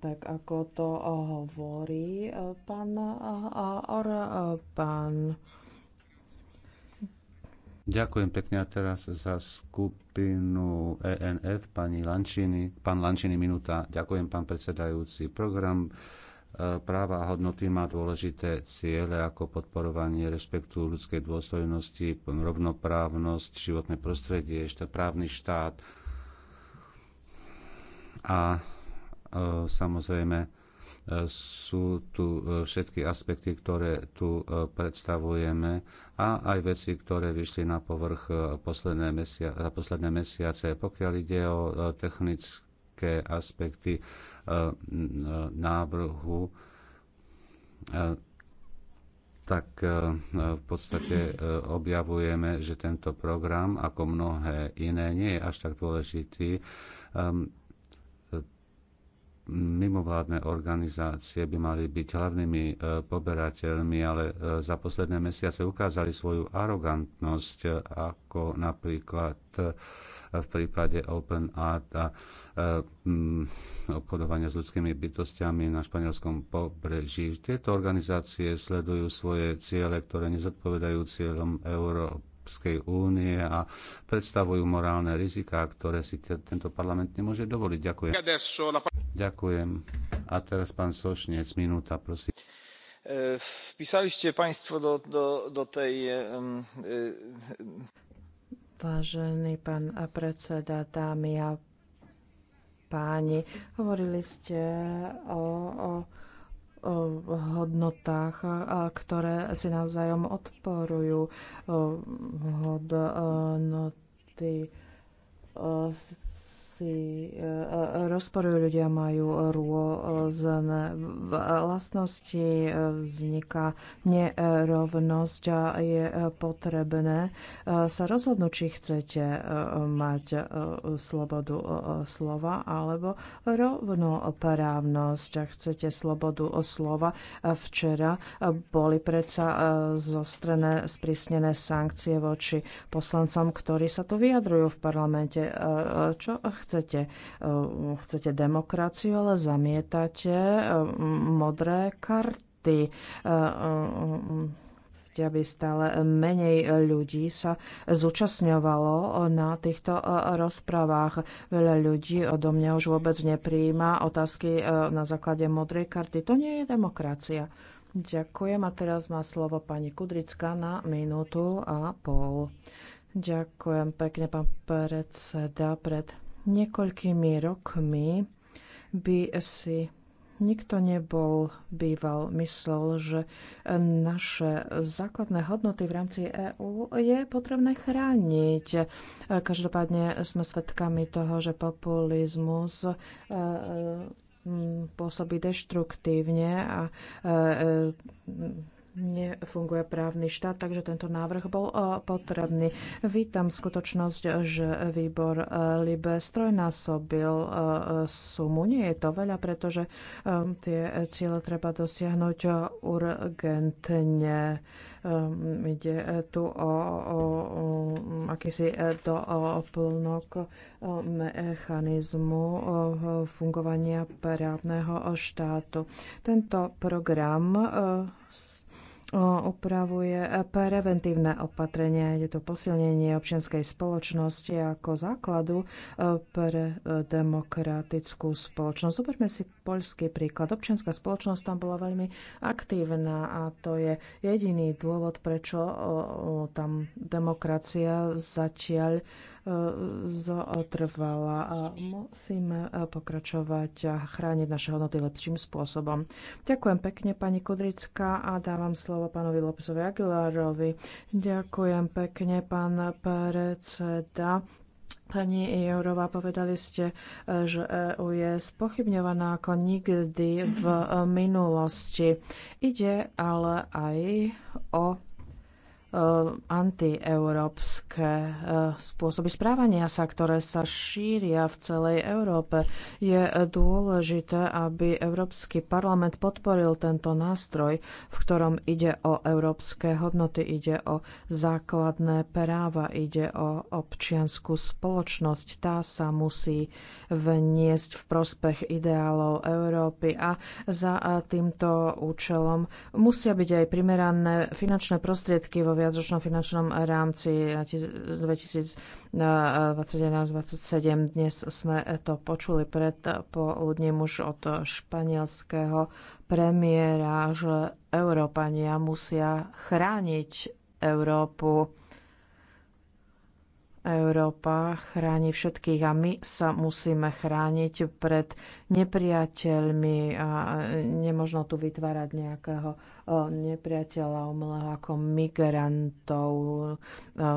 tak ako to hovorí pán Orbán. Ďakujem pekne a teraz za skupinu ENF pani Lančiny. Pán Lančiny, minúta. Ďakujem, pán predsedajúci. Program E, práva a hodnoty má dôležité ciele ako podporovanie rešpektu ľudskej dôstojnosti, rovnoprávnosť, životné prostredie, ešte právny štát a e, samozrejme e, sú tu všetky aspekty, ktoré tu predstavujeme a aj veci, ktoré vyšli na povrch posledné mesia- posledné mesiace. Pokiaľ ide o technické aspekty, Eh, návrhu, eh, tak eh, v podstate objavujeme, že tento program, ako mnohé iné, nie je až tak dôležitý. Ehm, mimovládne organizácie by mali byť hlavnými poberateľmi, ale za posledné mesiace ukázali svoju arogantnosť, ako napríklad v prípade Open Art a e, mm, obchodovania s ľudskými bytostiami na španielskom pobreží. Tieto organizácie sledujú svoje ciele, ktoré nezodpovedajú cieľom Európy Európskej únie a predstavujú morálne riziká, ktoré si te, tento parlament nemôže dovoliť. Ďakujem. Ďakujem. A teraz pán Sošnec, minúta, prosím. Wpisaliście e, Państwo do, do, do tej. Um, Vážený pán predseda, dámy a páni, hovorili ste o, o, o hodnotách, ktoré si navzájom odporujú. Hodnoty si e, e, rozporujú. Ľudia majú rôzne vlastnosti, e, vzniká nerovnosť a je potrebné sa rozhodnúť, či chcete mať slobodu slova alebo rovnoprávnosť. a chcete slobodu slova, včera boli predsa zostrené, sprísnené sankcie voči poslancom, ktorí sa tu vyjadrujú v parlamente. Čo chcete? chcete, eh, chcete demokraciu, ale zamietate eh, modré karty eh, Chcete, aby stále menej ľudí sa zúčastňovalo na týchto rozprávach. Veľa ľudí odo mňa už vôbec nepríjima otázky na základe modrej karty. To nie je demokracia. Ďakujem a teraz má slovo pani Kudrická na minútu a pol. Ďakujem pekne, pán predseda. Pred niekoľkými rokmi by si nikto nebol býval myslel, že naše základné hodnoty v rámci EÚ je potrebné chrániť. Každopádne sme svedkami toho, že populizmus e, e, pôsobí deštruktívne a e, nefunguje právny štát, takže tento návrh bol eh, potrebný. Vítam skutočnosť, že výbor eh, Libe strojnásobil eh, sumu. Nie je to veľa, pretože tie ciele treba dosiahnuť urgentne. Ide tu o, o, o mm, akýsi doplnok mechanizmu fungovania právneho štátu. Tento program opravuje preventívne opatrenia. Je to posilnenie občianskej spoločnosti ako základu e, pre e, demokratickú spoločnosť. Zoberme si poľský príklad. Občianská spoločnosť tam bola veľmi aktívna a to je jediný dôvod, prečo tam demokracia zatiaľ zotrvala. musíme pokračovať a chrániť naše hodnoty lepším spôsobom. Ďakujem pekne, pani Kudrická, a dávam slovo pánovi Lopesovi Aguilarovi. Ďakujem pekne, pán predseda. Pani Jourová, povedali ste, že EU je spochybňovaná ako nikdy v minulosti. Ide ale aj o Eh, antieurópske eh, spôsoby správania sa, ktoré sa šíria v celej Európe. Je dôležité, aby Európsky parlament podporil tento nástroj, v ktorom ide o európske hodnoty, ide o základné práva, ide o občianskú spoločnosť. Tá sa musí vniesť v prospech ideálov Európy a za eh, týmto účelom musia byť aj primerané finančné prostriedky vo viacročnom finančnom rámci 2021-2027. Eh, eh, Dnes sme to počuli pred poludním už od španielského premiéra, že Európania musia chrániť Európu. Európa chráni všetkých a my sa musíme chrániť pred nepriateľmi a nemožno tu vytvárať nejakého nepriateľa umelého ako migrantov.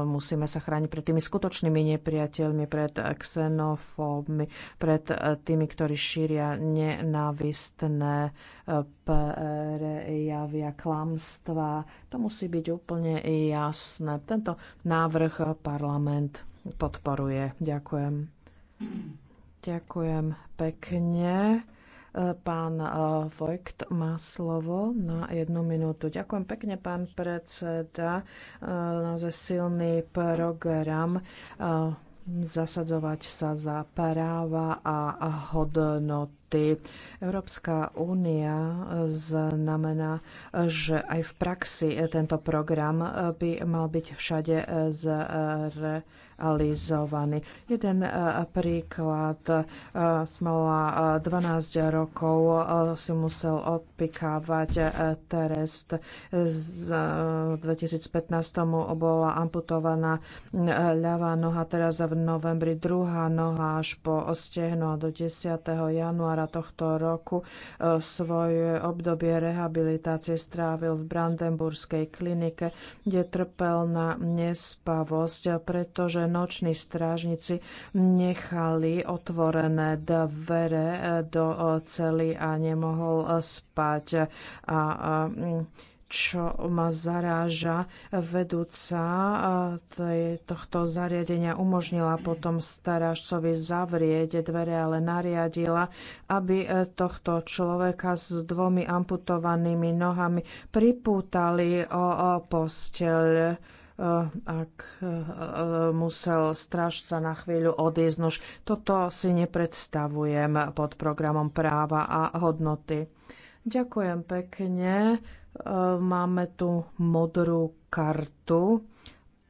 Musíme sa chrániť pred tými skutočnými nepriateľmi, pred xenofóbmi, pred e, tými, ktorí šíria nenávistné e, prejavia, klamstva. To musí byť úplne jasné. Tento návrh parlament podporuje. Ďakujem. Ďakujem pekne. E, pán e, Vojkt má slovo na jednu minútu. Ďakujem pekne, pán predseda. E, naozaj silný program zasadzovať sa za práva a hodnoty hodnoty. Európska únia znamená, že aj v praxi tento program by mal byť všade zrealizovaný. Jeden e, príklad. E, Smola 12 e, rokov si musel odpikávať terest. v 2015 bola amputovaná ľavá noha, teraz v novembri druhá noha až po stehno do 10. januára januára tohto roku e, svoje obdobie rehabilitácie strávil v Brandenburskej klinike, kde trpel na nespavosť, pretože noční strážnici nechali otvorené dvere e, do cely a nemohol e, spať. A, a, čo ma zaráža, vedúca tohto zariadenia umožnila potom starážcovi zavrieť dvere, ale nariadila, aby e, tohto človeka s dvomi amputovanými nohami pripútali o posteľ e, ak e, musel strážca na chvíľu odísť. Nož toto si nepredstavujem pod programom práva a hodnoty. Ďakujem pekne. Eh, máme tu modrú kartu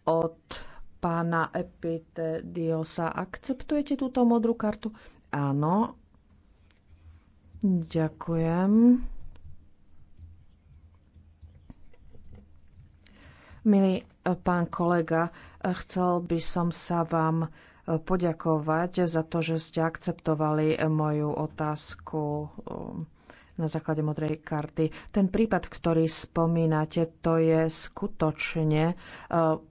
od pána Epitediosa. Akceptujete túto modrú kartu? Áno. Ďakujem. Milý eh, pán kolega, eh, chcel by som sa vám poďakovať za to, že ste akceptovali moju otázku na základe modrej karty. Ten prípad, ktorý spomínate, to je skutočne e,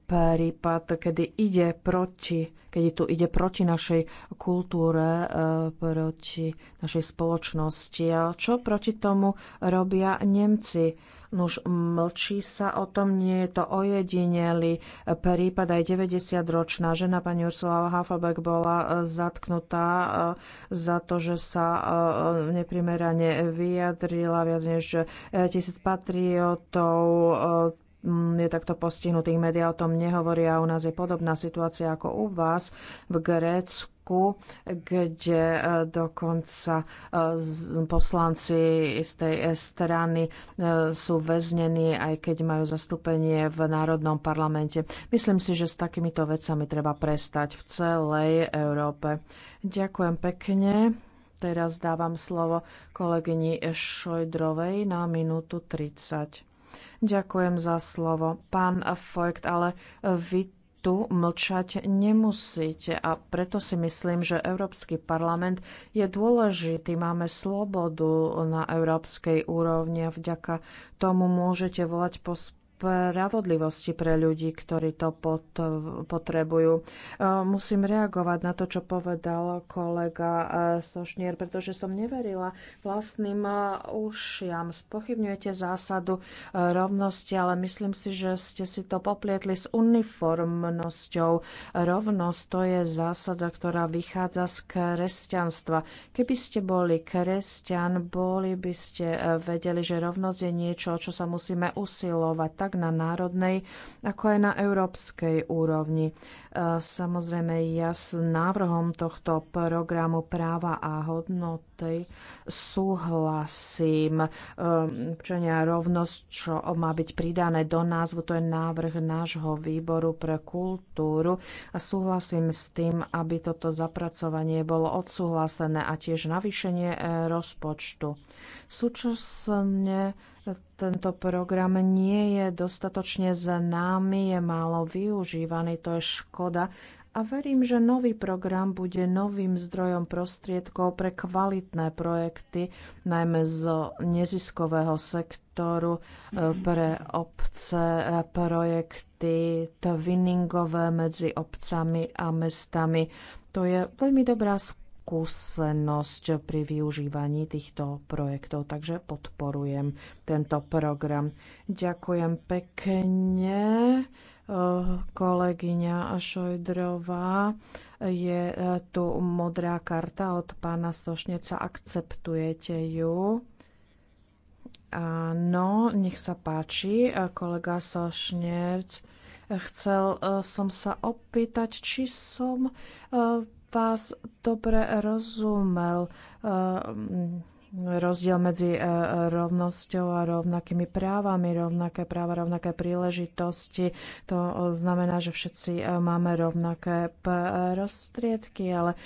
prípad, kedy ide proti keď tu ide proti našej kultúre, e, proti našej spoločnosti. A čo proti tomu robia Nemci? Nuž mlčí sa o tom, nie je to ojedineli. prípad. Aj 90-ročná žena pani Ursula Hafabek bola e, zatknutá e, za to, že sa e, neprimerane vyjadrila viac než tisíc patriotov Mm, je takto postihnutých. media o tom nehovoria. U nás je podobná situácia ako u vás v Grécku. kde e, dokonca e, poslanci z tej e, strany sú väznení, aj keď majú zastúpenie v Národnom parlamente. Myslím si, že s takýmito vecami treba prestať v celej Európe. Ďakujem pekne. Teraz dávam slovo kolegyni Šojdrovej na minútu 30. Ďakujem za slovo. Pán Fojkt, ale vy tu mlčať nemusíte a preto si myslím, že Európsky parlament je dôležitý. Máme slobodu na európskej úrovni a vďaka tomu môžete volať po spravodlivosti pre ľudí, ktorí to potrebujú. E, musím reagovať na to, čo povedal kolega e, Sošnier, pretože som neverila vlastným e, ušiam. Spochybňujete zásadu rovnosti, ale myslím si, že ste si to poplietli s uniformnosťou. Rovnosť to je zásada, ktorá vychádza z kresťanstva. Keby ste boli kresťan, boli by ste vedeli, že rovnosť je niečo, čo sa musíme usilovať tak tak na národnej, ako aj na európskej úrovni. E, samozrejme, ja s návrhom tohto programu práva a hodnoty súhlasím. E, občania rovnosť, čo má byť pridané do názvu, to je návrh nášho výboru pre kultúru a súhlasím s tým, aby toto zapracovanie bolo odsúhlasené a tiež navýšenie e, rozpočtu. Súčasne tento program nie je dostatočne známy, je málo využívaný, to je škoda. A verím, že nový program bude novým zdrojom prostriedkov pre kvalitné projekty, najmä z neziskového sektoru, e, pre obce, projekty twinningové medzi obcami a mestami. To je veľmi dobrá skúsenosť skúsenosť pri využívaní týchto projektov, takže podporujem tento program. Ďakujem pekne eh, kolegyňa Šojdrová. Je eh, tu modrá karta od pána Sošneca. Akceptujete ju? Áno, nech sa páči, eh, kolega Sošnec. Chcel som sa opýtať, či som vás dobre rozumel. Ehm, rozdiel medzi e, rovnosťou a rovnakými právami, rovnaké práva, rovnaké príležitosti. To e, znamená, že všetci e, máme rovnaké prostriedky, ale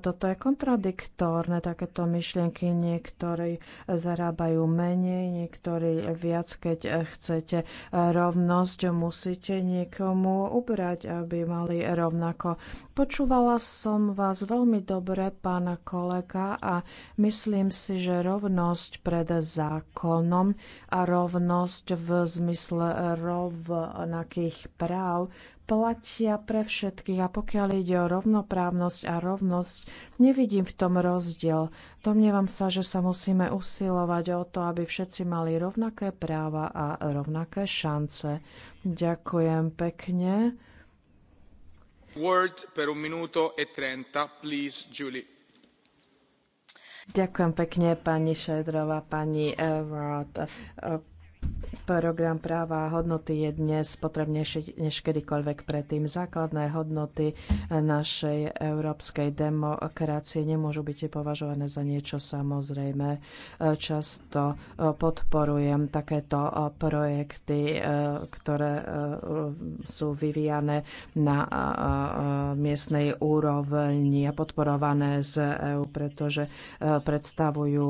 toto je kontradiktórne, takéto myšlienky. Niektorí zarábajú menej, niektorí viac, keď chcete rovnosť, musíte niekomu ubrať, aby mali rovnako. Počúvala som vás veľmi dobre, pána kolega, a myslím si, že že rovnosť pred zákonom a rovnosť v zmysle rovnakých práv platia pre všetkých a pokiaľ ide o rovnoprávnosť a rovnosť, nevidím v tom rozdiel. Domnievam sa, že sa musíme usilovať o to, aby všetci mali rovnaké práva a rovnaké šance. Ďakujem pekne. Word per un minuto e 30, please, Julie. Ďakujem pekne, pani Šedrová, pani Evrot. Program práva a hodnoty je dnes potrebnejší než kedykoľvek predtým. Základné hodnoty našej európskej demokracie nemôžu byť považované za niečo samozrejme. Často podporujem takéto projekty, e, ktoré e, sú vyvíjane na e, miestnej úrovni a podporované z EÚ, pretože predstavujú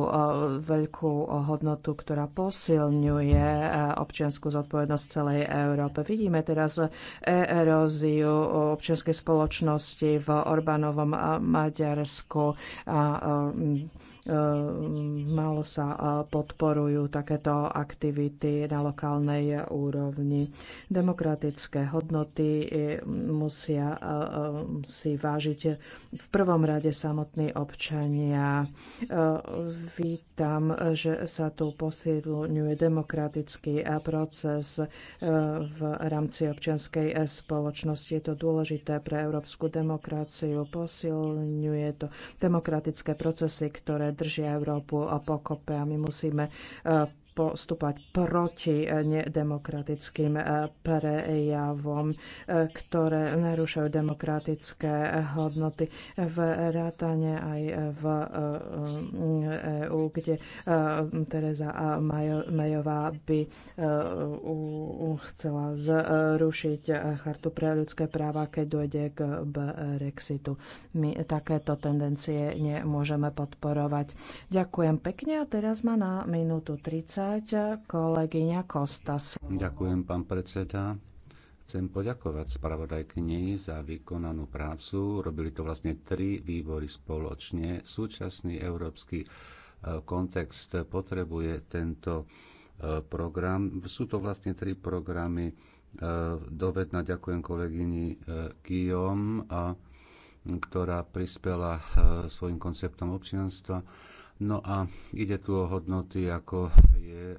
veľkú hodnotu, ktorá posilňuje občianskú zodpovednosť v celej Európe. Vidíme teraz eróziu občianskej spoločnosti v Orbánovom Maďarsku a Ehm, malo sa e, podporujú takéto aktivity na lokálnej úrovni. Demokratické hodnoty e, musia e, si vážiť v prvom rade samotní občania. Vítam, že sa tu posilňuje demokratický proces v rámci občianskej spoločnosti. Je to dôležité pre európsku demokraciu. Posilňuje to demokratické procesy, ktoré držia Európu pokope a my musíme eh, postupovať proti eh, nedemokratickým eh, prejavom, eh, ktoré narušajú demokratické hodnoty v rátane aj v EU, kde Teresa Majová by chcela zrušiť chartu pre ľudské práva, keď dojde k Brexitu. My takéto tendencie nemôžeme podporovať. Ďakujem pekne a teraz má na minútu 30 Kolegyňa Kostas. Ďakujem, pán predseda. Chcem poďakovať spravodajkyni za vykonanú prácu. Robili to vlastne tri výbory spoločne. Súčasný európsky e, kontext potrebuje tento e, program. Sú to vlastne tri programy. E, Dovedna ďakujem kolegyni Guillaume, ktorá prispela svojim konceptom občianstva No a ide tu o hodnoty, ako je e,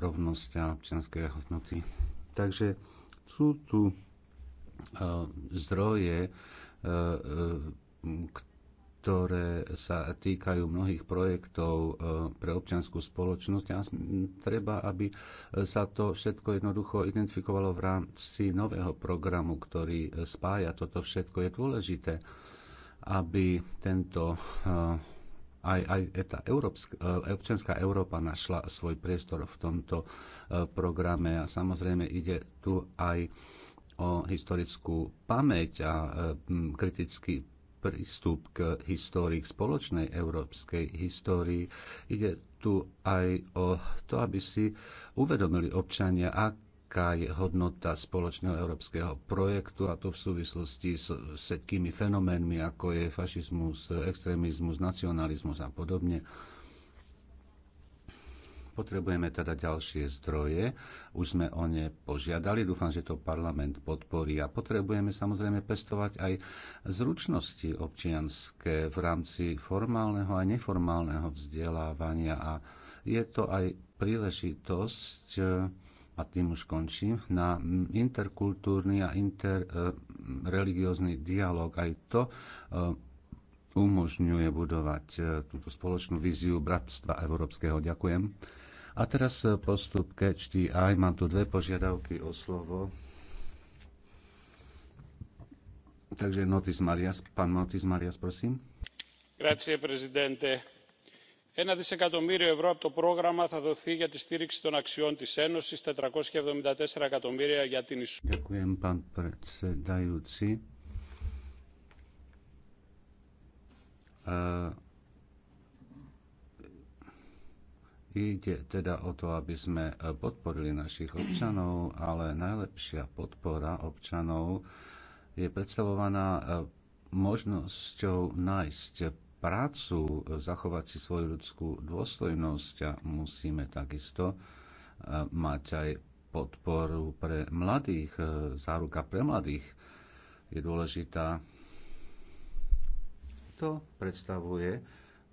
rovnosť a občianské hodnoty. Takže sú tu e, zdroje, e, ktoré sa týkajú mnohých projektov pre občianskú spoločnosť a treba, aby sa to všetko jednoducho identifikovalo v rámci nového programu, ktorý spája toto všetko. Je dôležité, aby tento aj, aj tá Európska, e, občianská Európa našla svoj priestor v tomto e, programe a samozrejme ide tu aj o historickú pamäť a e, kritický prístup k histórii, k spoločnej európskej histórii. Ide tu aj o to, aby si uvedomili občania, ak aká je hodnota spoločného európskeho projektu a to v súvislosti s všetkými fenoménmi, ako je fašizmus, extrémizmus, nacionalizmus a podobne. Potrebujeme teda ďalšie zdroje. Už sme o ne požiadali. Dúfam, že to parlament podporí. A potrebujeme samozrejme pestovať aj zručnosti občianské v rámci formálneho a neformálneho vzdelávania. A je to aj príležitosť a tým už končím, na interkultúrny a interreligiózny dialog. Aj to e, umožňuje budovať e, túto spoločnú víziu bratstva európskeho. Ďakujem. A teraz e, postup catch the Mám tu dve požiadavky o slovo. Takže Notis Marias, pán Notis Marias, prosím. Grazie, prezidente ένα δισεκατομμύριο ευρώ από το πρόγραμμα θα δοθεί για τη στήριξη των αξιών της Ένωσης, 474 εκατομμύρια για την ισότητα. ide teda o to, aby sme podporili našich občanov, ale najlepšia podpora občanov je predstavovaná možnosťou nájsť prácu, e, zachovať si svoju ľudskú dôstojnosť a musíme takisto e, mať aj podporu pre mladých, e, záruka pre mladých je dôležitá. To predstavuje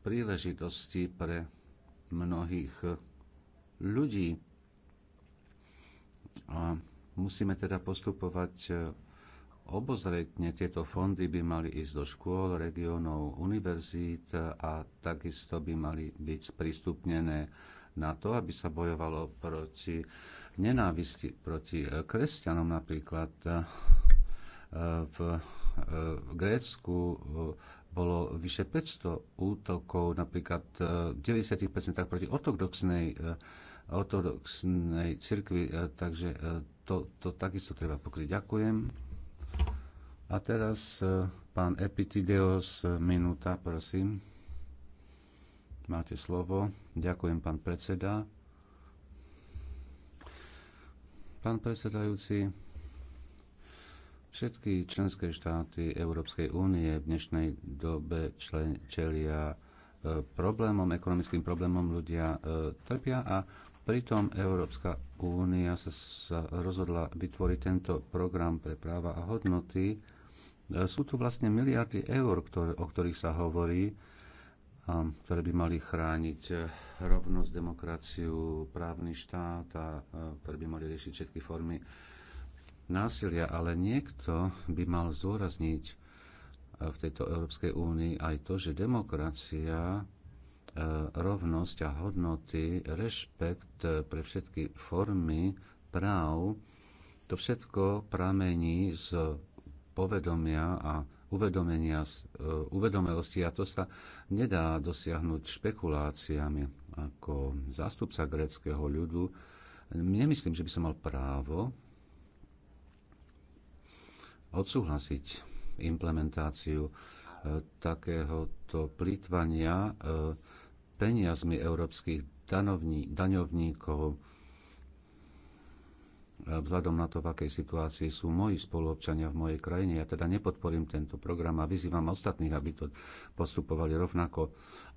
príležitosti pre mnohých ľudí. A musíme teda postupovať obozretne tieto fondy by mali ísť do škôl, regiónov, univerzít a takisto by mali byť sprístupnené na to, aby sa bojovalo proti nenávisti, proti kresťanom napríklad. V Grécku bolo vyše 500 útokov, napríklad v 90% proti ortodoxnej, ortodoxnej cirkvi, takže to, to takisto treba pokryť. Ďakujem. A teraz e, pán Epitideos, e, minúta, prosím. Máte slovo. Ďakujem, pán predseda. Pán predsedajúci, všetky členské štáty Európskej únie v dnešnej dobe člen, čelia e, problémom, ekonomickým problémom ľudia trpia a Pritom Európska únia sa, sa rozhodla vytvoriť tento program pre práva a hodnoty E, sú tu vlastne miliardy eur, ktoré, o ktorých sa hovorí, ktoré by mali chrániť e, rovnosť, demokraciu, právny štát a e, ktoré by mali riešiť všetky formy násilia, ale niekto by mal zdôrazniť v tejto Európskej únii aj to, že demokracia, rovnosť a hodnoty, rešpekt pre všetky formy práv, to všetko pramení z povedomia a uvedomenia, e, uvedomelosti a to sa nedá dosiahnuť špekuláciami. Ako zástupca gréckého ľudu nemyslím, že by som mal právo odsúhlasiť implementáciu e, takéhoto plýtvania e, peniazmi európskych daňovníkov vzhľadom na to, v akej situácii sú moji spoluobčania v mojej krajine. Ja teda nepodporím tento program a vyzývam ostatných, aby to postupovali rovnako.